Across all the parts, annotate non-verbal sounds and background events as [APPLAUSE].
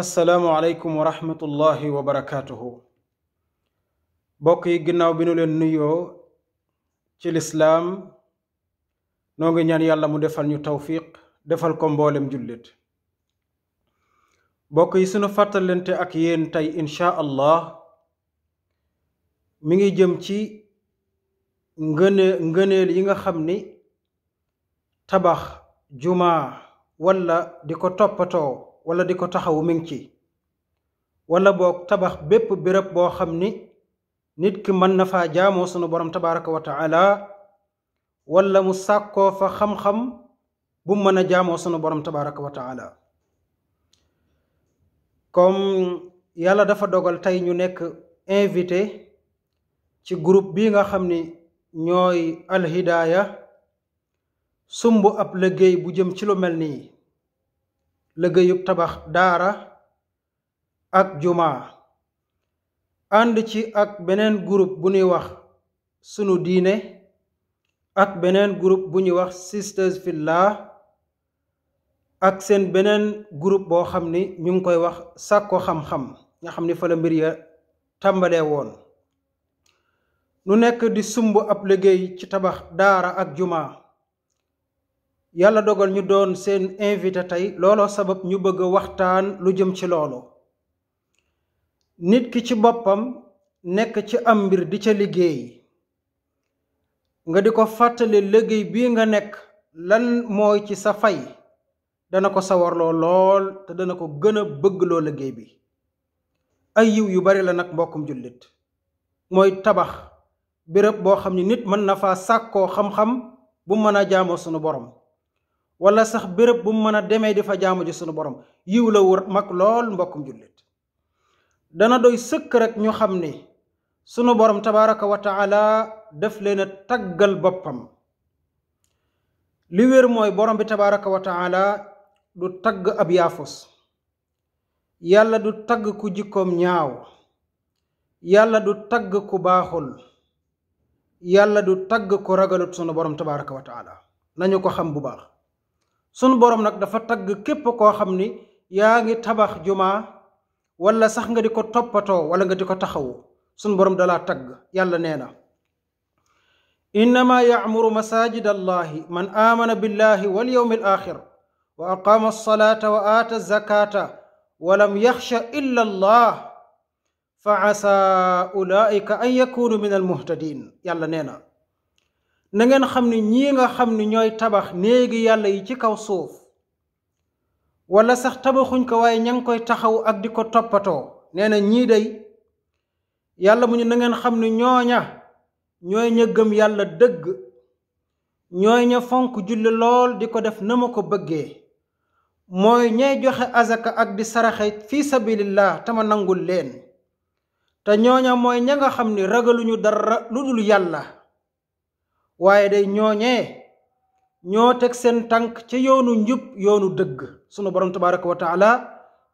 assalaamu aleykum wa rahmatullahi wa barakaatuhu bokk yi ginnaaw bi nu leen nuyoo ci lislaam noo ngi ñaan yàlla mu defal ñu tawfiq defal ko mboolem jullit bokk yi sunu fàttalente ak yéen tey insha allah mi ngi jëm ci ngëne ngëneel yi nga xam ni tabax jumaa walla di ko toppatoo wala di ko taxawu mi ngi ci wala boog tabax bépp béréb boo xam ni nit ki mën na faa jaamoo sunu borom tabaraka wa walla mu sàkkoo fa xam-xam bu mën a jaamoo sunu borom tabaraka wa kom yàlla dafa dogal tey ñu nekk invité ci groupe bi nga xam ni ñooy alhidaaya sumb ab liggéey bu jëm ci lu mel nii liggéeyub tabax daara ak jumaa ànd ci ak beneen groupe bu ñuy wax sunu diine ak beneen groupe bu ñuy wax sisters fillah ak seen beneen groupe boo xam ni ñu ngi koy wax sàkko xam-xam nga xam ni fa la mbir ya tàmbalee woon nu nekk di sumb ab liggéey ci tabax daara ak jumaa yàlla dogal ñu doon seen invité tey looloo sabab ñu bëgg waxtaan lu jëm ci loolu nit ki ci boppam nekk ci am mbir di ca liggéey nga di ko fàttali liggéey bi nga nekk lan mooy ci sa fay dana ko sawarloo lool te dana ko gën a bëggloo liggéey bi ay yiw yu bari la nag mbokkum jullit mooy tabax béréb boo xam ni nit mën na fa sàkkoo xam-xam bu mën a jaamoo sunu boroom wala sax béréb bu mën a demee di fa jaamu ji sunu borom yiw la wu mag lool mbokkum jullit dana doy sëkk rek ñu xam ni sunu borom tabaraka def taala daf leen taggal boppam li wér mooy borom bi tabaraka du tagg ab yaafus yàlla du tagg ku jikkoom ñaaw yàlla du tagg ku baaxul yàlla du tagg ku ragalut sunu borom tabaraka nañu ko xam bu baax sunu borom nag dafa tagg képp koo xam ni yaa ngi tabax jumaa wala sax nga di ko toppatoo wala nga di ko taxawu sunu borom dala tagg yàlla nee na innama yacmuru masajid allahi man aamana billahi wal yawmi al axir wa aqaama alsalata wa aata zakata wa lam yaxsha illa allah fa asa ulaika an yakunu min almuhtadin yàlla nee na nangeen xam ne ñii nga xam ni ñooy tabax néegi yàlla yi ci kaw suuf wala sax tabaxuñ ko waaye ña ngi koy taxaw ak di ko toppatoo nee na ñii day yàlla mu ñu nangeen xam ne ñooña ñooy ña gëm yàlla dëgg ñooy ña fonk julli lool di ko def na ma ko bëggee mooy ñay joxe azaka ak di saraxe fi sabilillah ma nangul leen te ñooña mooy ña nga xam ni ragaluñu dara lu dul yàlla waaye day ñooñee ñoo teg seen tànk ca yoonu njub yoonu dëgg sunu borom tabaraka wa taala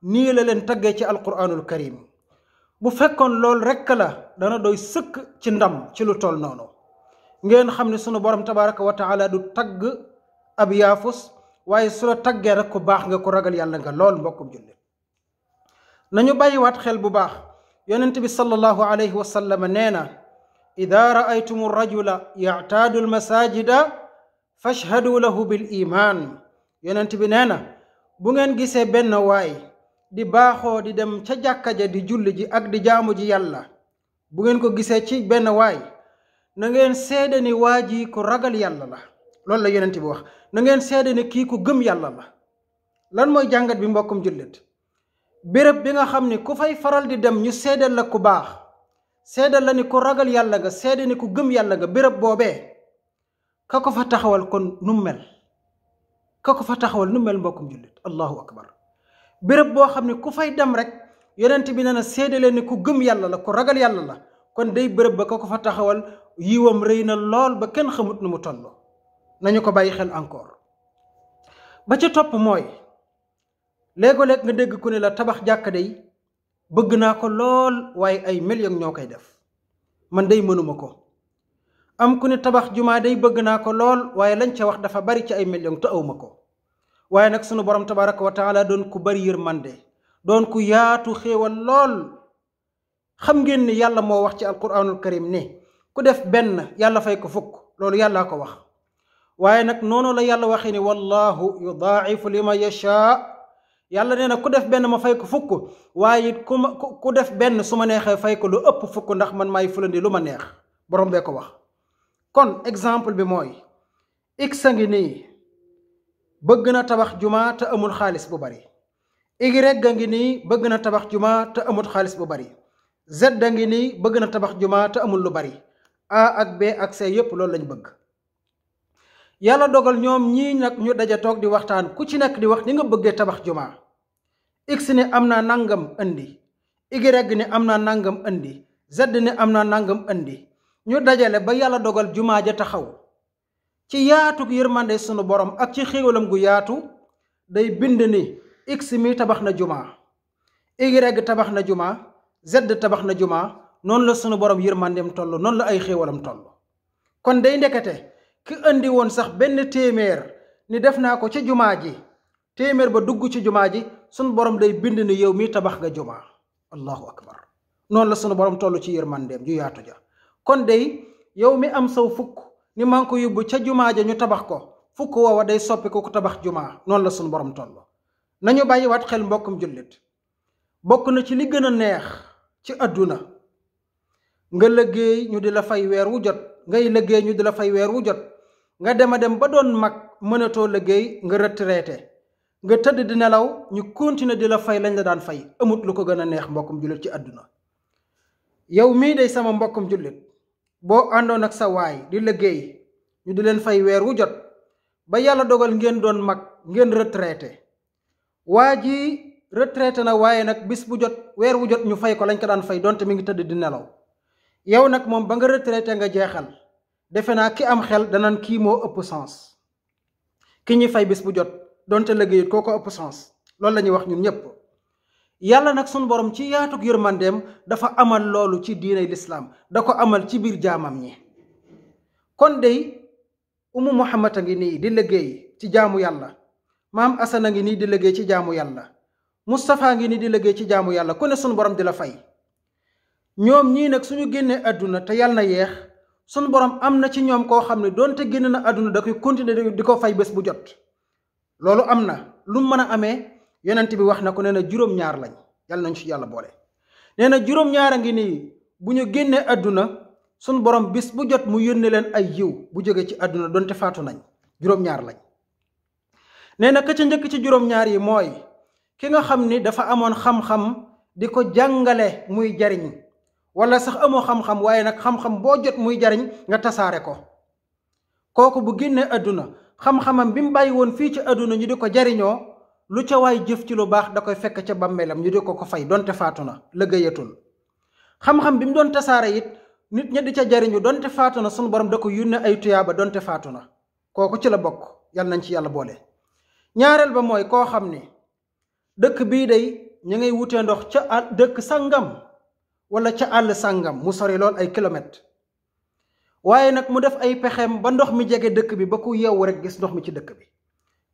nii la leen taggee ci alquranul karim bu fekkoon loolu rekk la dana doy sëkk ci ndam ci lu toll noonu ngeen xam ne sunu borom tabaraka wa taala du tagg ab yaafus waaye su la taggee rek baax nga ko ragal yàlla nga lool mbokkum jullit nañu bàyyiwaat xel bu baax yonent bi sallallahu alayhi wa sallam nee na إذا رأيتم الرجل يعتاد المساجد fashhadu lahu bil iman yonent bi nee na bu ngeen gisee benn waay di baaxoo di dem ca jàkka ja di julli ji ak di jaamu ji yàlla bu ngeen ko gisee ci benn waay na ngeen seede ni waa ji ku ragal yàlla la loolu la yonent bi wax na ngeen seede ni kii ku gëm yàlla la lan mooy jàngat bi mbokkum jullit béréb bi nga xam ni ku fay faral di dem ñu seedal la ku baax seddal la ne ku ragal yàlla ga seede ne ku gëm yàlla nga béréb boobee ka ko fa taxawal kon nu mel ka ko fa taxawal nu mel mbokkum jullit allahu akbar béréb boo xam ne ku fay dem rek yonent bi nee na seedale ne ku gëm yàlla la ku ragal yàlla la kon dey bërëb ba ka ko fa taxawal yiwam rëy na lool ba kenn xamut nu mu toll nañu ko bàyyi xel encore ba ca topp mooy léegoo-léeg nga dégg ko ne la tabax jàkka day bëgg naa ko lool waaye ay million ñoo koy def man day mënuma ko am ku ne tabax jumaa day bëgg naa ko lool waaye lañ ca wax dafa bari ci ay million te awma ko waaye nag sunu borom tabaraka wa taala doon ku bari man de doon ku yaatu xéewal lool xam ngeen ni yàlla moo wax ci alquranul karim ni ku def benn yàlla fay ko fukk loolu yàllaa ko wax waaye nag noonu yàlla waxee ni wallahu yudaa'ifu liman yashaa yàlla nee na ku def benn ma fay ko fukk waaye it ku ma ku def benn su ma neexee fay ko lu ëpp fukk ndax man maay fulandi lu ma neex borom bee ko wax kon exemple bi mooy x a ngi nii bëgg na tabax jumaa te amul xaalis bu bari y a bëgg na tabax jumaa amul xaalis bu bari z a ngi nii bëgg na tabax jumaa te amul lu bari a ak b ak c yépp loolu lañ bëgg yàlla dogal ñoom ñii nag ñu daja toog di waxtaan ku ci nekk di wax ni nga bëggee tabax jumaa x ne am naa nangam indi y ne am na nangam indi z am naa nangam indi ñu dajale ba yàlla dogal jumaa ja taxaw ci yaatu yërmande sunu borom ak ci xéewalam gu yaatu day bind ni x mi tabax na jumaa y tabax na jumaa z tabax na jumaa noonu la sunu borom yërmandeem toll noonu la ay xéewalam toll kon day ndekete ki andi woon sax benn téeméer ni def naa ko ca jumaa ji téeméer ba dugg ci jumaa ji sunu borom day bind ni yow mii tabax nga jumaa allahu akbar noonu la sunu borom toll ci yërmandeem ju yaatu ja kon day yow mi am saw fukk ni maa ko yóbbu ca jumaa ja ñu tabax ko fukk woowa day soppi ko ku tabax jumaa noonu la sunu borom toll nañu bàyyiwaat xel mbokkum jullit bokk na ci li gën a neex ci àdduna nga liggéey ñu di la fay weer wu jot ngay liggéey ñu di la fay weer wu jot nga dem a dem ba doon mag mënatoo léggéey nga retraité nga tëdd di nelaw ñu continuer di la fay lañ la daan fay amut lu ko gën a neex mbokkum jullit ci adduna yow mii day sama mbokkum jullit boo àndoon ak sa waay di liggéey ñu di leen fay weer wu jot ba yàlla dogal ngeen doon mag ngeen retraité waa ji retraité na waaye nag bis bu jot weer wu jot ñu fay ko lañ ko daan fay doonte mi ngi tëdd di nelaw yow nag moom ba nga retraité nga jeexal defe naa ki am xel danan kii moo ëpp sens ki ñuy fay bis bu jot donte liggéeyut koo ko ëpp sens loolu la ñuy wax ñun ñëpp yàlla nag suñu boroom ci yaatuk yërmandeem dafa amal loolu ci diinay lislaam da ko amal ci biir jaamam ñi kon dey umu muhammad a ngi nii di liggéey ci jaamu yàlla maam asan a ngi nii di liggéey ci jaamu yàlla Moustapha ngi nii di liggéey ci jaamu yàlla ku ne sunu borom di la fay ñoom ñii nag suñu génnee àdduna te yàlla na yeex sunu borom am na ci ñoom koo xam ne donte génne na àdduna da koy continuer di ko fay bés bu jot loolu am na lu mën a amee yonent bi wax na ko nee na juróom-ñaar lañ yàlla nañu ci yàlla boole nee na juróom-ñaar a ngi nii bu ñu génnee àdduna sunu borom bis bu jot mu yónnee leen ay yiw bu jóge ci àdduna donte faatu nañ juróom-ñaar lañ nee na ca njëkk ci juróom-ñaar yi mooy ki nga xam ni dafa amoon xam-xam di ko jàngale muy jariñ wala sax amoo xam-xam waaye nag xam-xam boo jot muy jariñ nga tasaare ko kooku bu génnee àdduna xam-xamam bi mu bàyyi woon fii ci àdduna ñu di ko jariñoo lu ca waay jëf ci lu baax da koy fekk ca bàmmeelam ñu di ko ko fay donte faatu na liggéeyatul xam-xam bi mu doon tasaare it nit ña di ca jariñu donte faatu na sunu borom da ko yónne ay tuyaaba donte faatu na kooku ci la bokk yàlla nañ ci yàlla boole ñaareel ba mooy koo xam ni dëkk bii day ñu ngay wutee ndox ca dëkk sangam wala ca àll sàngam mu sori lool ay kilomètre waaye nag mu def ay pexeem ba ndox mi jege dëkk bi ba ku yeewu rek gis ndox mi ci dëkk bi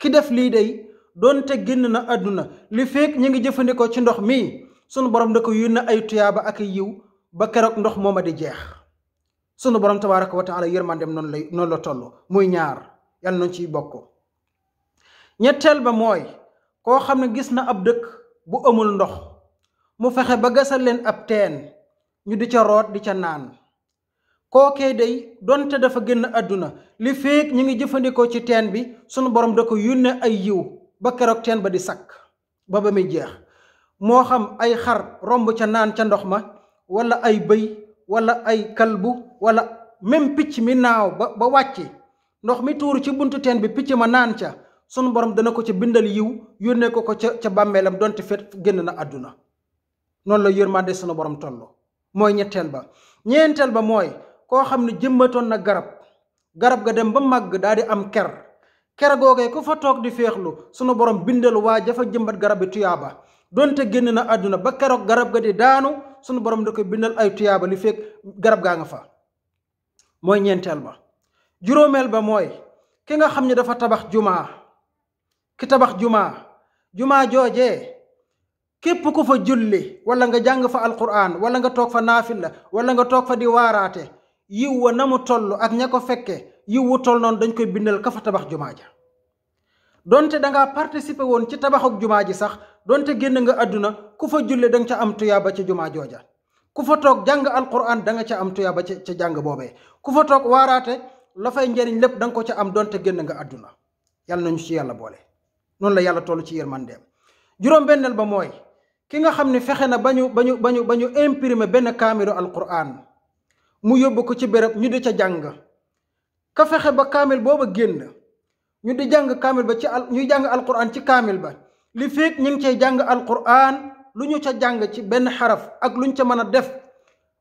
ki def lii day doonte génn na àdduna li feek ñu ngi jëfandikoo ci ndox mi sunu borom dëkk ko yónne ay tuyaaba ak yiw ba keroog ndox mooma di jeex sunu borom tabaaraka wa taala yërmandeem noonu lay noonu la toll muy ñaar yàlla noonu ciy bokk ñetteel ba mooy koo xam ne gis na ab dëkk bu amul ndox. mu fexe ba gasal leen ab teen ñu di ca root di ca naan kookee day donte dafa génn àdduna li feek ñu ngi jëfandikoo ci teen bi sunu borom da ko yónnee ay yiw ba keroog teen ba di sakk ba ba muy jeex moo xam ay xar romb ca naan ca ndox ma wala ay bëy wala ay kalbu wala même picc mi naaw ba ba wàcce ndox mi tuuru ci buntu teen bi picc ma naan ca sunu borom dana ko ca bindal yiw yónnee ko ko ca ca bàmmeelam donte fet génn na àdduna noonu la yërmande sunu borom toll mooy ñetteel ba ñeenteel ba mooy koo xam ne jëmbatoon na garab garab ga dem ba màgg daal di am ker ker googee ku fa toog di féexlu sunu borom bindal waa jafa jëmbat garab bi tuyaaba donte génn na àdduna ba keroog garab ga di daanu sunu borom da koy bindal ay tuyaaba li fekk garab gaa nga fa mooy ñeenteel ba juróomeel ba mooy ki nga xam ne dafa tabax jumaa ki tabax jumaa jumaa joojee képp ku fa julli wala nga jàng fa alquran wala nga toog fa naafila wala nga toog fa di waaraate yiw wa na mu toll ak ña ko fekke yiw wu toll noonu dañ koy bindal ka fa tabax jumaa doonte donte da ngaa participer woon ci tabaxuk jumaa ji sax donte génn nga àdduna ku fa julli da nga ca am ba ca jumaa jooja ku fa toog jàng alquran da nga ca am tuyaaba ca ca jàng boobee ku fa toog waaraate la fay njariñ lépp da nga ko ca am donte génn nga àdduna yàlla nañu ci yàlla boole noonu la yàlla toll ci yërmandeem juróom-benneel ba mooy ki nga xam ne fexe na ba ñu ba ñu ba ñu ba ñu imprimer benn kaamilu mu yóbbu ko ci béréb ñu di ca jàng ka fexe ba kaamil booba génn ñu di jàng kaamil ba ci al ñu jàng alquran ci kaamil ba li feeg ñu ngi cay jàng alquran lu ñu ca jàng ci benn xaraf ak luñ ca mën a def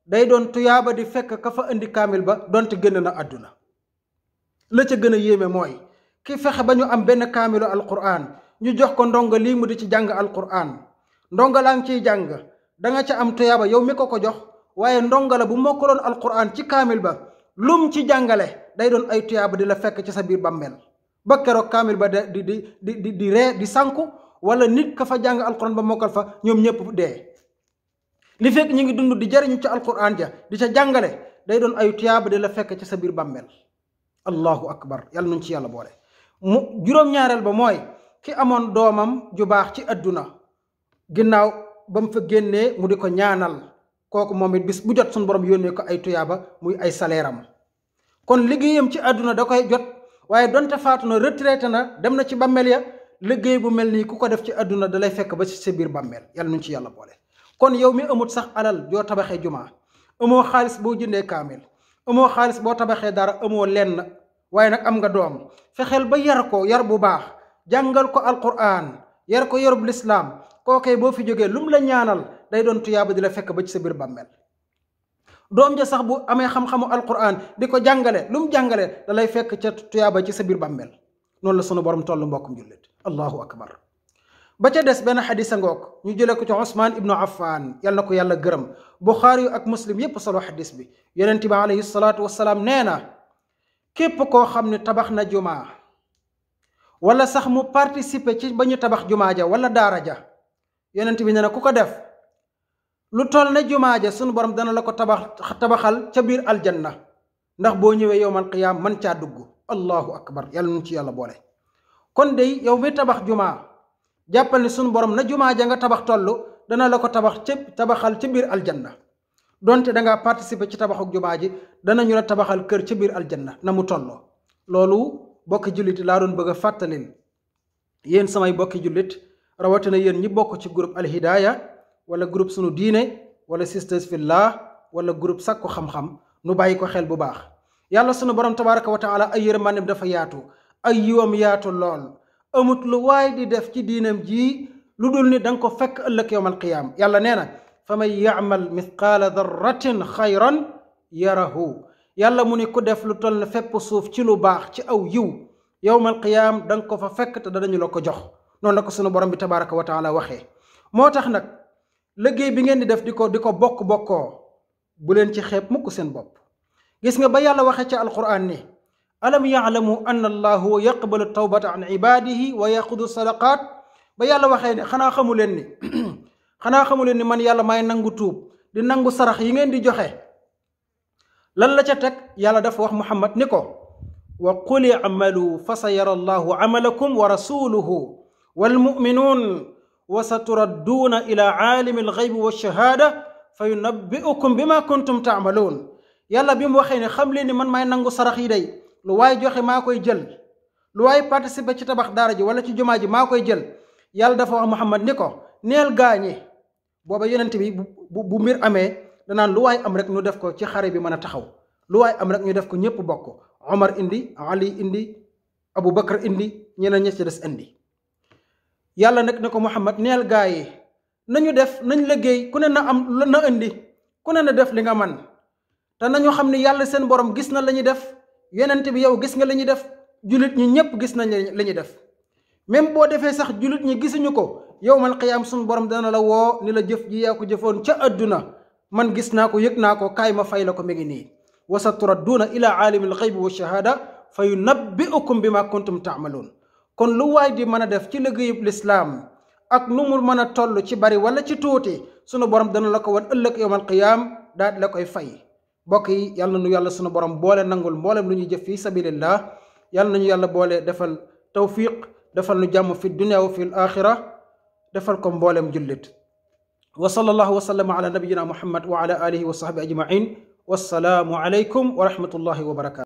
day doon tuyaaba di fekk ka fa indi kaamil ba donte génn na àdduna la ca gën a yéeme mooy ki fexe ba ñu am benn kaamilu alquran ñu jox ko ndongo lii mu di ci jàng alquran ndongo laa ngi ciy jàng da nga ca am tuyaaba yow mi ko ko jox waaye ndongo la bu mokkaloon alquran ci kaamil ba lum ci jàngale day doon ay tuyaaba di la fekk ci sa biir bàmmeel ba keroog kaamil ba di di di di wala nit ka jàng alquran ba mokkal fa ñoom ñëpp dee li fekk ñu ngi dund di jariñu ci alquran ja di ca jàngale day doon ay la fekk ci sa biir bàmmeel allahu akbar yàlla nuñ ci yàlla boole mu juróom-ñaareel ba mooy ki amoon doomam ju baax ci adduna ginnaaw ba mu fa génnee mu di ko ñaanal kooku moom it bis bu jot suñu borom yónnee ko ay tuyaaba muy ay saleeram am kon liggéeyam ci àdduna da koy jot waaye donte faatu na retraité na dem na ci bàmmeel ya liggéey bu mel nii ku ko def ci àdduna lay fekk ba ci sa biir bàmmeel yàlla nuñ ci yàlla boole. kon yow mi amut sax alal joo tabaxee jumaa amoo xaalis boo jëndee kaamil amoo xaalis boo tabaxee dara amoo lenn waaye nag am nga doom fexeel ba yar ko yar bu baax jàngal ko Alqur'aan yar ko yarub lislaam kookee boo fi jógee lum la ñaanal day doon tuyaaba di la fekk ba ci sa biir bàmmeel doom ja sax bu amee xam-xamu alquran di ko jàngale lum jàngale da fekk ca tuyaaba ci sa biir bàmmeel noonu la sunu borom toll mbokkum jullit allahu akbar ba ca des benn xadis ngoog ñu jëlee ko ci Ousmane ibnu Affan yal na ko yàlla gërëm Buxaari yu ak muslim yépp solo xadis bi yonent bi alayhi salaatu wasalaam nee na képp koo xam ne tabax na jumaa wala sax mu ba ñu tabax jumaa ja wala daara ja yonent bi ne na ku ko def lu toll ne jumaa ja sunu borom dana la ko tabax tabaxal ca biir aljanna ndax boo ñëwee yowmal qiyaam man caa dugg allahu akbar yàlla nun ci yàlla boole kon dey yow mi tabax jumaa jàppal ni sunu borom na jumaa ja nga tabax toll dana la ko tabax ca tabaxal ca biir aljanna donte da ngaa participer ci tabaxu jumaa ji danañu la tabaxal kër ca biir aljanna na mu tolloo loolu bokki jullit laa doon bëgg a fàttalil yéen samay bokki jullit rawatina yéen ñi bokk ci group groupe alhidaaya wala group sunu diine wala sisters fillah wala group sakku xam-xam nu bàyyi ko xel bu baax yàlla sunu borom tabaraka wa taala ay yërmandeem dafa yaatu ay yiwam yaatu lool amut lu waay di def ci diinam ji lu dul ni da nga ko fekk ëllëg yowmal qiyaam yàlla nee na fa man yaamal mithqaala darratin xayran yarahu yàlla mu ni ku def lu toll ne fépp suuf ci lu baax ci aw yiw yowmal qiyaam da nga ko fa fekk te danañu la ko jox noonu la ko sunu borom bi tabaraka wa taala waxee moo tax nag liggéey bi ngeen di def di ko di ko bokk-bokkoo bu leen ci xeeb mukk seen bopp gis nga ba yàlla waxee ca alquran ni alam yaalamu anna allahu yaqbalu tawbata an ibadihi wa yaqudu sadaqat ba yàlla waxee xanaa xamu leen ni [CLEARS THROAT] xanaa leen ni man yàlla may nangu tuub di nangu sarax yi ngeen di joxe lan la ca teg yàlla dafa wax muhammad ni ko wa quli amalu fa sa yara allahu amalakum wa rasuluhu والمؤمنون وستردون إلى عالم الغيب والشهادة fayunabbi'ukum bima kuntum ta'malun yàlla bi mu waxee ne xam leen ni man maay nangu sarax yi day lu waay joxe maa koy jël lu waay participer ci tabax daara ji wala ci jumaa ji maa koy jël yàlla dafa wax Muhammad ni ko neel gaañi booba yonent bi bu bu amee danaan lu waay am rek ñu def ko ci xare bi mën a taxaw lu waay am rek ñu def ko ñëpp bokk Omar indi Ali indi Aboubacar indi ñeneen ña ci des indi yàlla nag ne ko Muhammad neel gaa yi na ñu def nañ liggéey ku ne na am na indi ku ne na def li nga man te na nañu xam ne yàlla seen borom gis na la ñuy def yonent bi yow gis nga li ñuy def jullit ñi ñëpp gis nañ la ñuy def même boo defee sax jullit ñi gisuñu ko yowmal qiyaam suñu borom dana la woo ni la jëf ji yaa ko jëfoon ca àdduna man gis naa ko yëg naa ko kaay ma fay la ko mi ngi nii wa sa turadduuna ila aalimil xaybi wa shahaada fa yunabbiukum bima kuntum taamaluun kon lu waay di mën a def ci liggéeyub lislaam ak nu mu mën a toll ci bari wala ci tuuti sunu borom dana la ko wan ëllëg yowmal qiyaam daal di la koy fay mbokk yi yàlla nu yàlla sunu borom boole nangul mboolem lu ñuy jëf fii sabilillah yàlla nañu yàlla boole defal tawfiq defal nu jàmm fi dunia wa fi axira defal ko mboolem jullit wa sallallahu wa sallama ala nabiyina muhammad wa ala alihi wa sahbi ajmain wassalaamu alaykum wa rahmatullahi wa barakatu